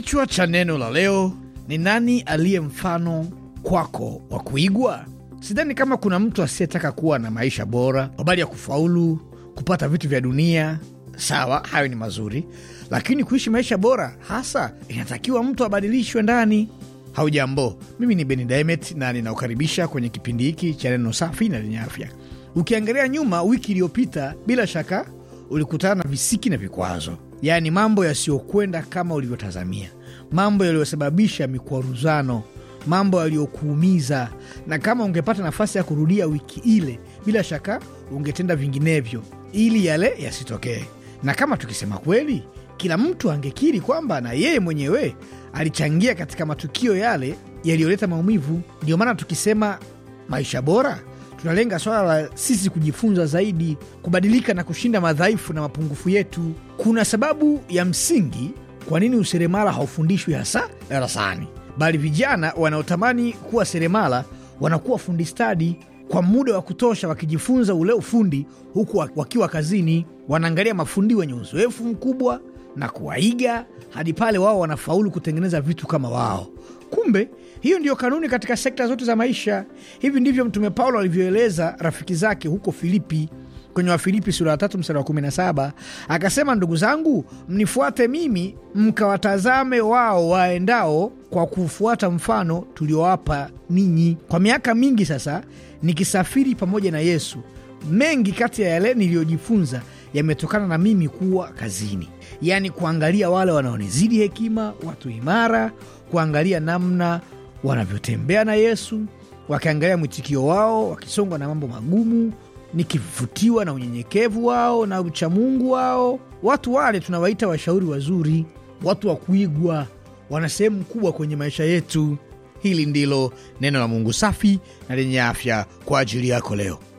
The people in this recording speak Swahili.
Kichwa cha neno la leo ni nani aliye mfano kwako wa kuigwa? Sidhani kama kuna mtu asiyetaka kuwa na maisha bora, habari ya kufaulu, kupata vitu vya dunia. Sawa, hayo ni mazuri, lakini kuishi maisha bora hasa, inatakiwa mtu abadilishwe ndani. Haujambo, mimi ni Beni Dimet na ninakukaribisha kwenye kipindi hiki cha neno safi na lenye afya. Ukiangalia nyuma, wiki iliyopita, bila shaka ulikutana na visiki na vikwazo yaani mambo yasiyokwenda kama ulivyotazamia, mambo yaliyosababisha mikwaruzano, mambo yaliyokuumiza. Na kama ungepata nafasi ya kurudia wiki ile, bila shaka ungetenda vinginevyo ili yale yasitokee. Na kama tukisema kweli, kila mtu angekiri kwamba na yeye mwenyewe alichangia katika matukio yale yaliyoleta maumivu. Ndiyo maana tukisema maisha bora tunalenga swala la sisi kujifunza zaidi, kubadilika na kushinda madhaifu na mapungufu yetu. Kuna sababu ya msingi kwa nini useremala haufundishwi hasa darasani, bali vijana wanaotamani kuwa seremala wanakuwa fundi stadi kwa muda wa kutosha, wakijifunza ule ufundi huku wakiwa kazini. Wanaangalia mafundi wenye uzoefu mkubwa na kuwaiga hadi pale wao wanafaulu kutengeneza vitu kama wao. Kumbe hiyo ndiyo kanuni katika sekta zote za maisha. Hivi ndivyo Mtume Paulo alivyoeleza rafiki zake huko Filipi kwenye Wafilipi sura ya tatu mstari wa saba akasema, ndugu zangu, mnifuate mimi mkawatazame wao waendao, kwa kufuata mfano tuliowapa ninyi. Kwa miaka mingi sasa nikisafiri pamoja na Yesu, mengi kati ya yale niliyojifunza yametokana na mimi kuwa kazini, yaani kuangalia wale wanaonizidi hekima, watu imara, kuangalia namna wanavyotembea na Yesu, wakiangalia mwitikio wao, wakisongwa na mambo magumu, nikivutiwa na unyenyekevu wao na uchamungu wao. Watu wale tunawaita washauri wazuri, watu wa kuigwa, wana sehemu kubwa kwenye maisha yetu. Hili ndilo neno la Mungu safi na lenye afya kwa ajili yako leo.